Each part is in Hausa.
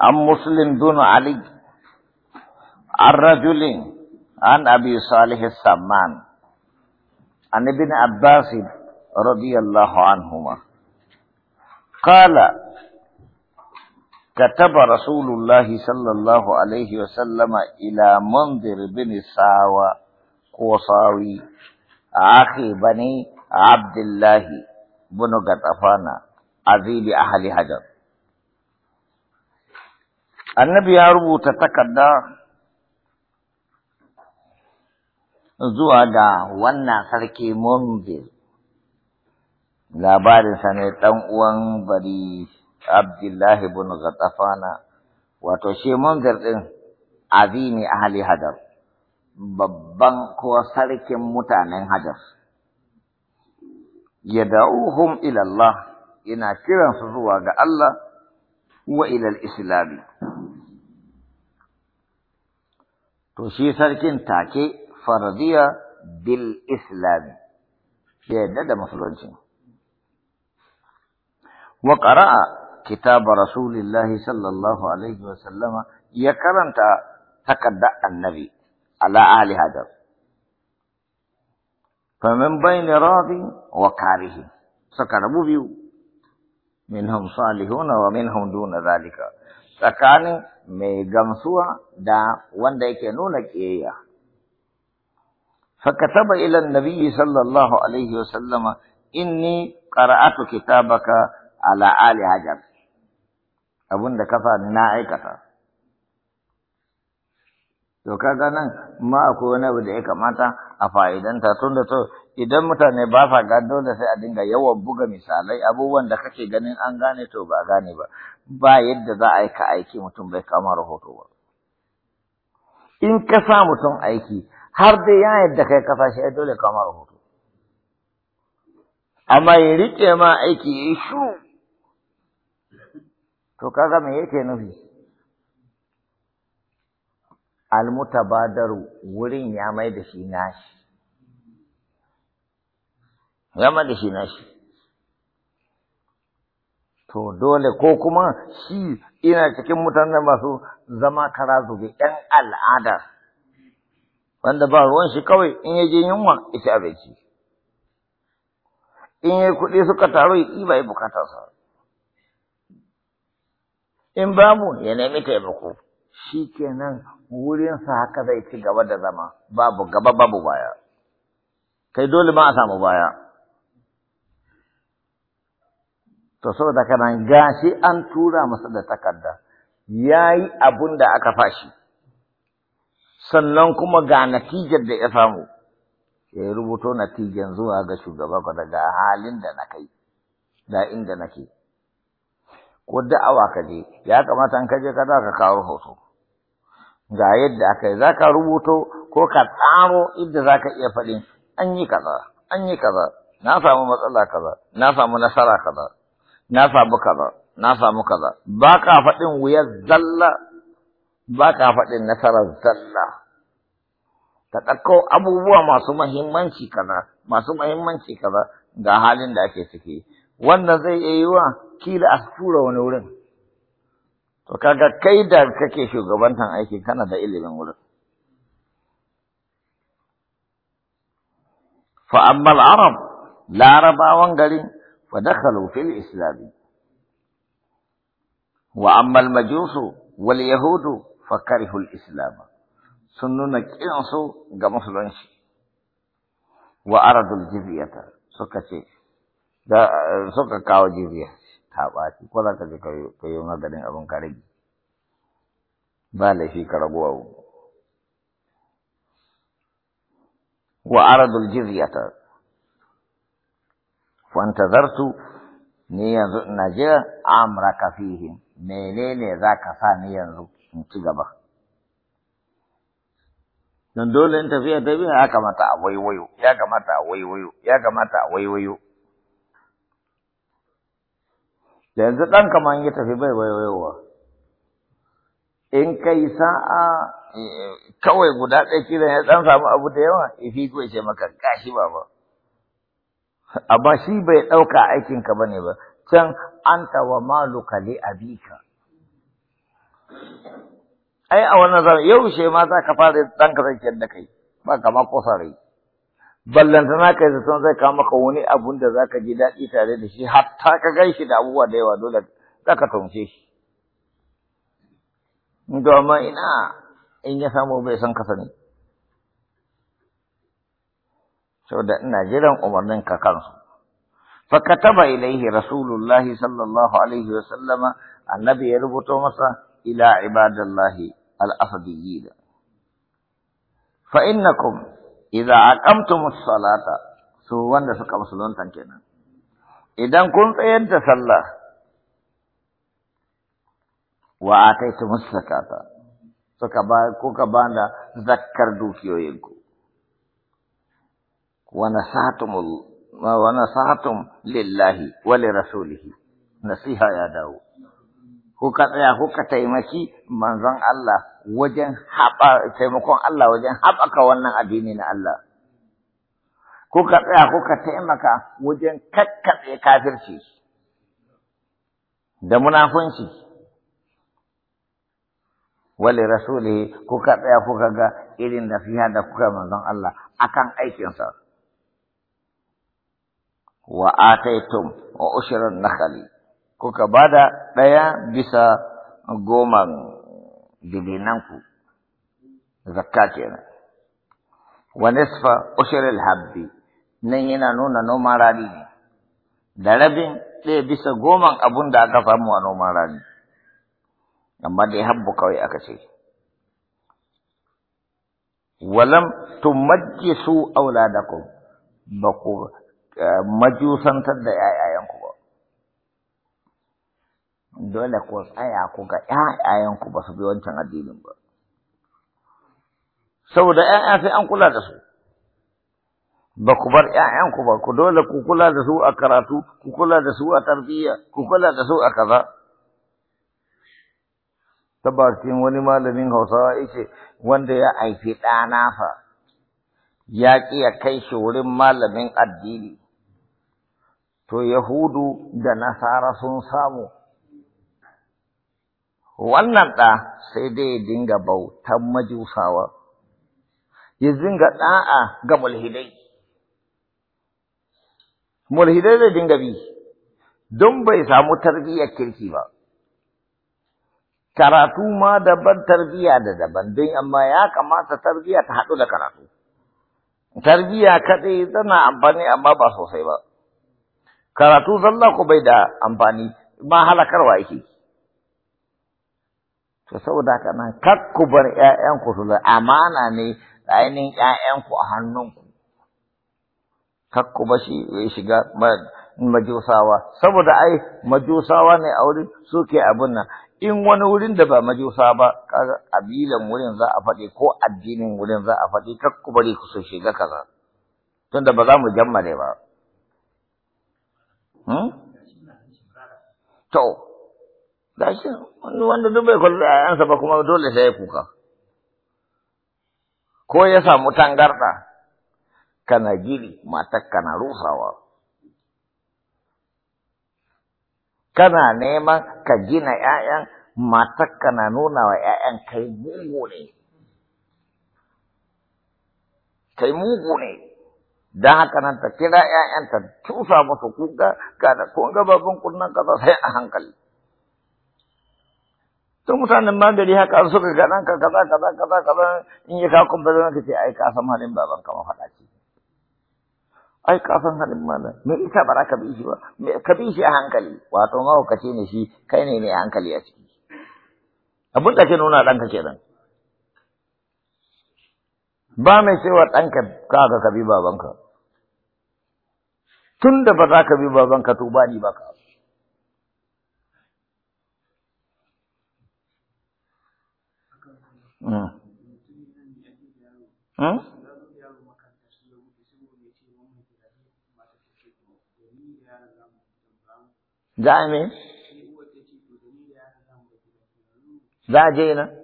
عن مسلم دون علي عن رجل عن أبي صالح السمان عن ابن عباس رضي الله عنهما قال كتب رسول الله صلى الله عليه وسلم إلى منذر بن ساوى قوصاوي أخي بني عبد الله بن قطفان عزيز أهل حجر annabi ya rubuta takarda zuwa ga wannan sarki munzir labarinsa ne ɗan uwan bari abdullahi bin gatafana wato shi munzir ɗin azimi ahli hajar babban ko sarkin mutanen hajar ya da'uhum ilallah yana kiransu zuwa ga Allah wa ilal islami تو اسی سر کن تاکہ فردیہ بالاسلام یہ ندہ مفلول جن وقرأ کتاب رسول اللہ صلی اللہ علیہ وسلم یکرن تا تکدع النبی على آل هذا فمن بين راض وكاره سكربو بيو منهم صالحون ومنهم دون ذلك فكان mai gamsuwa da wanda yake nuna ƙiyayya. Fakataba ilan nabiyyi sallallahu alaihi wa sallama inni qara'atu kitabaka ala ali hajar. Abun da kafa na aikata. To kaga nan ma akwai wani abu da ya kamata a fa'idanta tun da idan mutane ba sa gado da sai a dinga yawan buga misalai abubuwan da kake ganin an gane to ba gane ba ba yadda za a yi ka aiki mutum bai kama rahoto ba in ka sa mutum aiki har dai ya yadda kai ka shi ai dole kama rahoto amma ya riƙe ma aiki ya shu to kaga me yake nufi almutabadaru wurin ya mai da shi nashi ya da shi nashi to dole ko kuma shi ina cikin mutanen masu zama kara zube ɗan al'ada wanda ba ruwan shi kawai in yaje yunwa ita abinci in yi kuɗi suka taru ya ɗiba ya sa. in babu ya nemi taimako shi wurin sa haka zai ci gaba da zama babu gaba babu baya kai dole ma a samu baya to saboda kana gashi an tura masa da takarda yayi abun da aka fashi sannan kuma ga natijar da ya samu ya rubuto natijan zuwa ga shugaba ko daga halin da na kai da inda nake ko da'awa ka je ya kamata an kaje ka ka kawo hoto ga yadda aka yi za ka rubuto ko ka tsaro inda za ka iya faɗin an yi kaza an yi kaza na samu matsala kaza na samu nasara kaza na samu kaza na samu kaza ba ka faɗin wuyar zalla ba ka faɗin nasarar zalla ta ɗauko abubuwa masu mahimmanci kaza masu mahimmanci kaza ga halin da ake ciki wannan zai iya yiwa kila a tura wani wurin to kaga kai da kake shugabantan aiki kana da ilimin wurin fa amma al-arab larabawan garin فدخلوا في الإسلام وأما المجوس واليهود فكرهوا الإسلام سنونا كينسو غمسلنش وأردوا الجزية سكتش شيخ سكا كاو جزية تاواتي كولا كجي كيونا دنين أبن كاري بالي في كربوه وأردوا الجزية fantazartu ni yanzu ina jira amraka fihim menene ka sa ni yanzu in ci gaba don dole in tafiya ta biya ya kamata a waiwayo ya kamata a waiwayo ya kamata a waiwayo da yanzu ɗan kamar ya tafi bai waiwayowa in kai sa'a kawai guda ɗaya kiran ya ɗan samu abu da yawa ifi ko ce maka gashi baba amma shi bai ɗauka aikinka ba ne ba can anta wa maluka li abika ai a wannan zama yau she ma za ka fara ɗan ka da kai ba ka ma kosa rai ballantana kai zaton zai kawo maka wani abun da za ka ji daɗi tare da shi hatta ka gan shi da abubuwa da yawa dole za ka tumce shi domin ina in ya samu bai san ka sani saboda ina jiran umarnin ka kansu fakataba ilaihi rasulullahi sallallahu alaihi wa sallama annabi ya rubuto masa ila ibadallahi al-afdiyyin fa innakum idza aqamtumus salata su wanda suka musulunta kenan idan kun tsayar da sallah wa kai ta suka ba kuka bada zakkar dukiyoyinku ونصحتم ال... ونصحتم لله ولرسوله نصيحه يا داو هكذا يا هكذا يمشي من رن الله وجن حبا تيمكون الله وجن حبا كوانا أدينين الله هكذا يا هكذا يمكا وجن ككت يكافر شيء ده منافون شيء ولرسوله هكذا يا هكذا إذن فيها دا هكذا من رن الله أكان أي شيء wa ataitum wa ushrar nakali kuka bada ɗaya bisa goma dibinanku zakka kenan wa nisfa ushral habbi nan yana nuna noman rani ne da rabin ɗaya bisa goman abun da aka samu a noman rani amma dai habbu kawai aka ce walam tumajjisu auladakum ba Eh, majusantar da ‘ya'yayenku ba. Dole ku tsaya ku ga ‘ya'yayenku ba su bi wancan addinin ba. Saboda ‘ya'ya sai an kula da su, ba ku bar ‘ya'yanku ba, ku dole ku kula da su a karatu, ku kula da su a tarbiyya, ku kula da su a kaza. Tabbacin wani malamin Hausawa yake wanda ya haifi ɗana fa. ya ƙi ya kai shi wurin malamin addini to Yahudu da Nasara sun samu. Wannan ɗa sai dai dinga bautan majusawa, ya dinga ɗa'a ga mulhidai. Mulhidai zai dinga bi, don bai samu tarbiyyar kirki ba. Karatu ma daban tarbiyya da daban, don amma ya kamata tarbiyya ta haɗu da karatu. Tarbiyya kaɗai tana amfani amma ba sosai ba. karatu zalla ku bai da amfani ma halakarwa yake to saboda haka nan kar ku bar ƴaƴanku su amana ne ainihin ƴaƴanku a hannunku kar ku shi ya shiga majusawa saboda ai majusawa ne a wurin suke abin nan in wani wurin da ba majusa ba kaga kabilan wurin za a faɗi ko addinin wurin za a faɗi kar ku bari ku su shiga kaza tunda ba za mu jammale ba Hmm? To, gashi wanda duk bai kwallo ‘ya'yansa ba kuma dole sai ya kuka. Ko ya samu tangarɗa, kana gini, matar kana rusawa. Kana neman ka gina ‘ya'yan, matar kana nuna wa ‘ya'yan kai mugu ne. Kai mugu ne. Dan haka nan ta kira ‘ya'yanta tusa musu kuka kada kun ga babban kunnan kaza sai a hankali. To mutanen magari haka suka ga ɗanka kaza kaza kaza kaza in yi ka kuma zama ka ce ai ka san halin baban ka faɗa ce. Ai ka san halin na, me ita ba ka bi shi ba ka bi shi a hankali wato ce ne shi kai ne ne a hankali a ciki. Abin da ke nuna ɗanka kenan. ba mai cewa ɗanka kaga ka bi babanka tun da ba za ka bi babanka to ba ni ba ka hmm. Hmm? Za a me? Za a je na?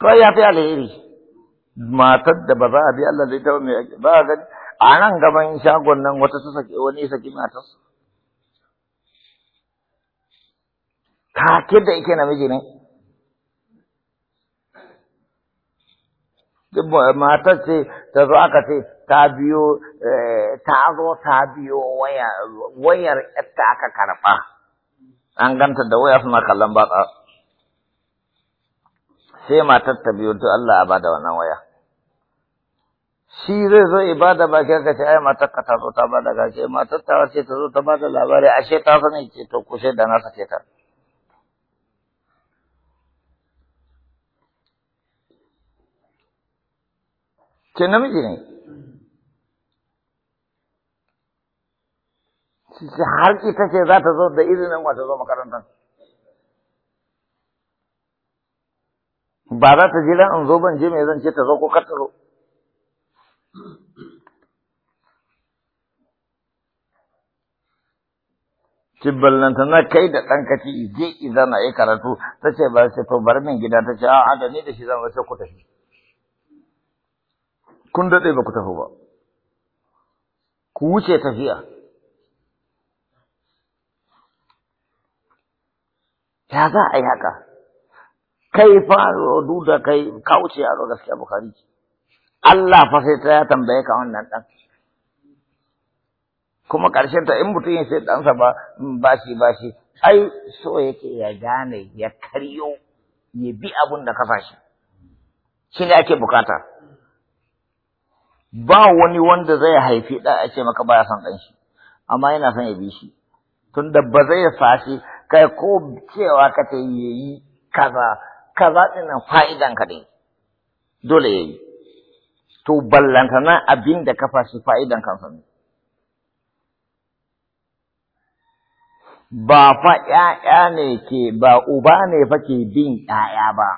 ko ya fi alheri matar da ba za a bi Allah da ita ba mai ba a gani a nan gaban shagon nan wata su saki wani saki matar take da ike namiji ne matar ce ta zo aka ce ta biyo eh, ta zo ta biyo wayar ta aka karɓa an ganta da waya suna kallon tsara. sai matar ta biyo duk Allah a bada wannan waya shi zai zo ibada ba ka ce ai matar ka ta zo ta bada ga ce matar ta wace ta zo ta bada labari a ta sani ce to kushe da na sake ta ke namiji ne har ita ce za ta zo da izinin wata zo makarantar ba za ta jira in zo ban je mai zan ce ta zo ko kar ta zo Cibballanta na kai da ɗan kaci je iza na yi karatu ta ce ba ce to bar min gida ta ce a'a da ni da shi zan wace ku tafi. Kun daɗe ba ku tafi ba. Ku wuce tafiya. Ya za a yi haka? kai fa du da kai ka wuce yaro gaskiya bukari Allah fa sai ta ya tambaye ka wannan dan kuma ƙarshen ta in mutum ya sai ɗansa ba bashi bashi ai so yake ya gane ya karyo ya bi abun da kafa shi shi ne ake bukata ba wani wanda zai haifi ɗa a ce maka baya son ɗan shi amma yana son ya bi shi tunda ba zai fashi kai ko cewa ka ta yi kaza kaza ɗinan fa'idan ka ne dole ya yi to ballantana abin da kafa shi fa'idan kansa ne ba fa ‘ya'ya ne ke ba uba ne fa ke bin ‘ya'ya ba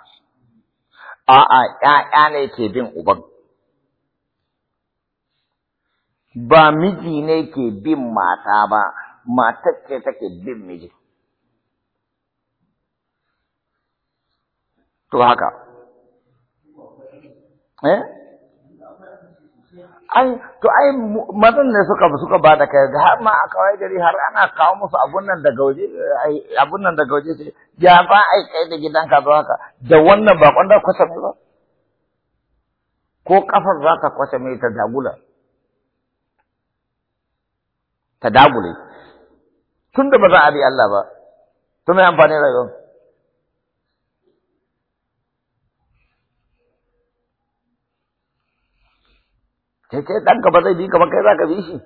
a'a ‘ya'ya ne ke bin uban ba miji ne ke bin mata ba matar ce take bin miji to haka eh ai to ai mazan ne suka suka ba da kai har ma a kawai gari har ana kawo musu abun nan daga waje abun nan daga waje sai ya ba ai kai da ka zo haka da wannan ba kwanda kwasa mai ba ko kafar za ka kwasa mai ta dagula ta dagule tunda ba za a bi Allah ba to mai amfani rayuwar sai kai ɗanka ba zai bi ka ba kai za ka bi shi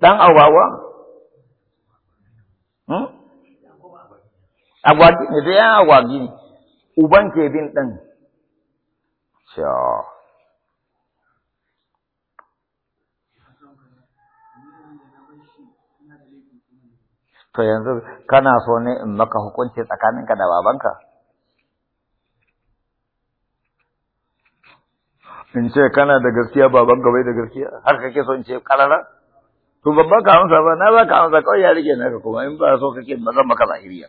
ɗan agwagwa hmm? agwagi ne sai yan agwagi ne uban ke bin ɗan to yanzu kana so ne in maka hukunci tsakaninka da babanka in ce kana da gaskiya baban ka bai da gaskiya har kake so in ce karara to babba ka amsa ba na ba ka amsa kawai ya rike naka kuma in ba so kake ba zan maka zahiriya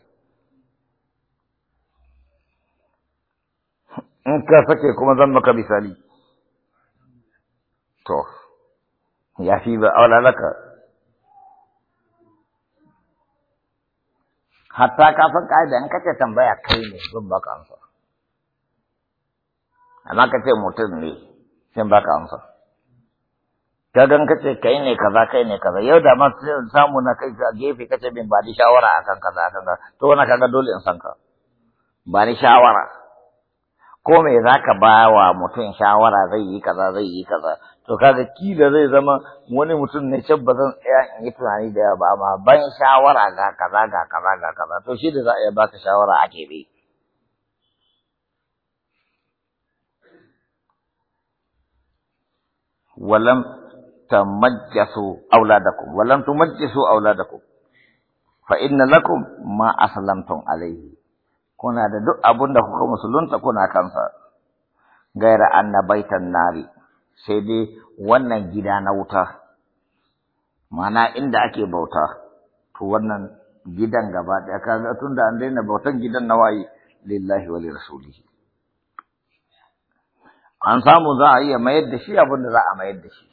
in ka sake kuma zan maka misali to ya fi ba aula laka hatta kafin ka'ida in kace tambaya kai ne zan baka amsa amma kace mutum ne sai ba ka amsa ka gan ka ce kai ne kaza kai ne kaza yau da ma samu na kai ka gefe ce min ba ni shawara akan kaza akan kaza to wannan kaga dole in san ka ba ni shawara ko me zaka ba wa mutum shawara zai yi kaza zai yi kaza to kaga kila zai zama wani mutum ne can ba zan tsaya in yi tunani da ba ma ban shawara ga kaza ga kaza ga kaza to shi da za a iya baka shawara a kebe walam tamajjasu auladakum walam tumajjisu auladakum fa inna lakum ma aslamtum alaihi kuna da duk abun da kuka musulunta kuna kansa gaira annabaitan nari sai dai wannan gida na wuta mana inda ake bauta to wannan gidan gaba ɗaya kaga tunda an daina bautan gidan nawayi lillahi wa li rasulihi an samu za a iya mayar da shi abin da za a mayar da shi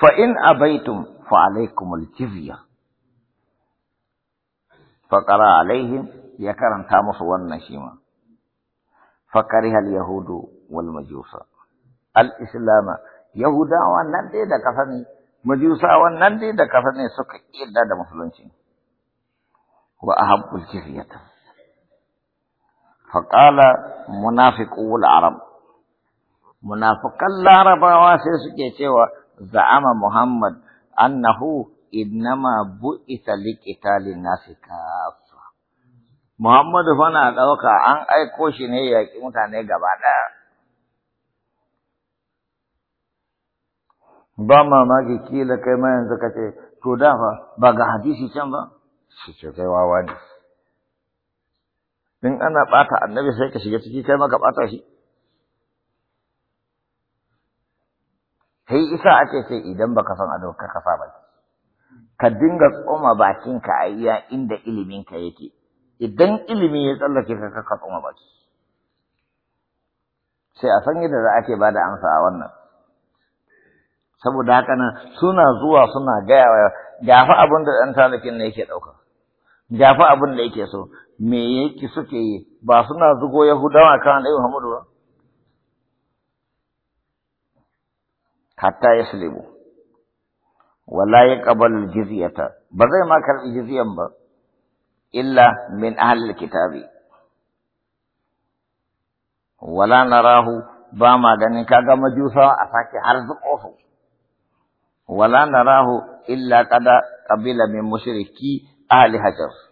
fa in abaitum fa alaikum aljizya fa qara alaihim ya karanta musu wannan shi ma fa kariha alyahudu wal majusa al islam yahudawa nan dai da kafa ne majusawan nan dai da kafa ne suka kiyar da musulunci wa ahabbul jizyata faƙala munafiqul arab munafiqan larabawa sai suke cewa za'ama muhammad annahu innama bu'ita liqitalin nasi kafa muhammad fa na an aiko shi ne yaki mutane gaba ɗaya. ba mamaki kila kai ma yanzu ce, to da fa ba ga hadisi can ba shi ce kai wawa ne in ana ɓata annabi sai ka shiga ciki kai maka ɓata shi sai isa ake ce idan baka san ado ka kasa ba ka dinga tsoma bakinka a iya inda iliminka yake idan ilimi ya tsallake ka ka tsoma baki sai a san yadda za a ke bada amsa a wannan saboda haka nan suna zuwa suna gaya wa gafi abin da ɗan talakin ne yake ɗauka gafi abin da yake so me yake suke yi ba suna zugo yahudawa kan annabi muhammadu ba hatta ya yaslimu wala ya yaqbalu jizyata ba zai ma karbi jizyan ba illa min ahli kitabi wala na rahu ba ma ganin kaga majusa a sake har zuƙofu wala na narahu illa kada qabila min mushriki ahli hajar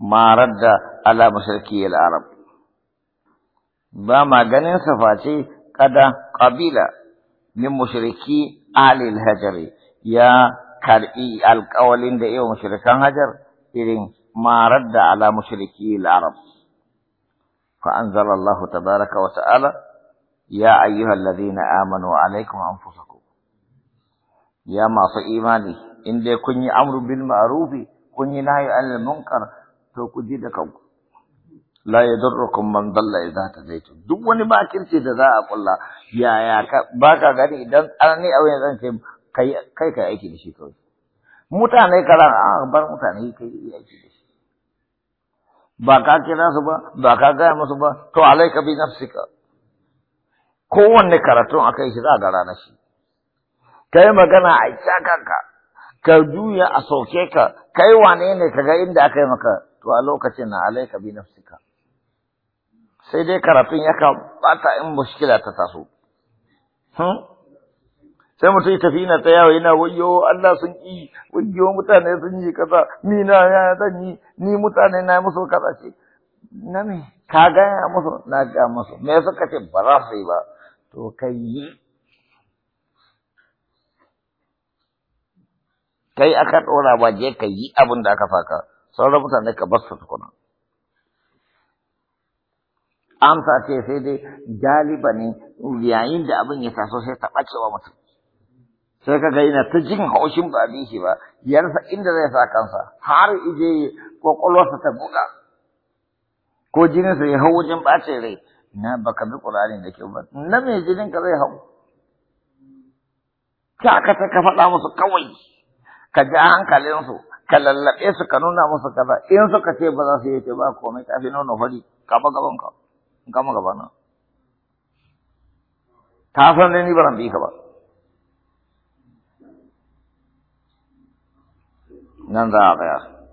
ما رد على مشركي العرب بما غنين صفاتي قد قبيلة من مشركي آل الهجر يا كرئي القولين دي ايو مشركان هجر إذن ما رد على مشركي العرب فأنزل الله تبارك وتعالى يا أيها الذين آمنوا عليكم أنفسكم يا ما إيماني إن دي كني أمر بالمعروف كني نهي عن المنكر to ku ji da kanku la yadurrukum man dalla idza tadaytum duk wani ce da za a kulla yaya ka baka gani idan arni a wayan zan kai kai kai aiki da shi kawai mutane karan a bar mutane kai aiki da shi ba ka kira su ba ba ka gaya musu ba to alayka bi nafsika kowanne karatun akai shi za ga ranar shi kai magana a kanka ka juya a sauke ka kai wane ne ka ga inda aka yi maka to a lokacin na alaika bi nafsika sai dai karafin yaka bata in mushkila ta taso hmm? sai mutum ya tafi na ta yawa yana wayyo Allah sun yi wayo mutane sun yi kaza ni na ya zan yi ni mutane na musu kaza ce na me ka ya musu na ga musu me suka ce ba za su yi ba to kai yi kai aka dora ba je ka yi abin da aka faka sauran mutane ka bar su tukuna amsa ce sai dai galiba ne yayin da abin ya taso sai ta ɓacewa mutum sai ka gaina ta jin haushin ba abin shi ba ya inda zai sa kansa har ije kwakwalwarsa ta buɗa. ko jininsa ya hau wajen ɓacin rai na baka bi ƙur'ani da kyau ba na me jinin ka zai hau ka aka ta ka faɗa musu kawai ka ja hankalinsu ka lallaɓe su ka nuna musu kaza in suka ce ba za su yi ce ba komai tafi nono fari gaba gaban ka in kama gaba na ta san ne ni ba bi ka ba nan za a tsaya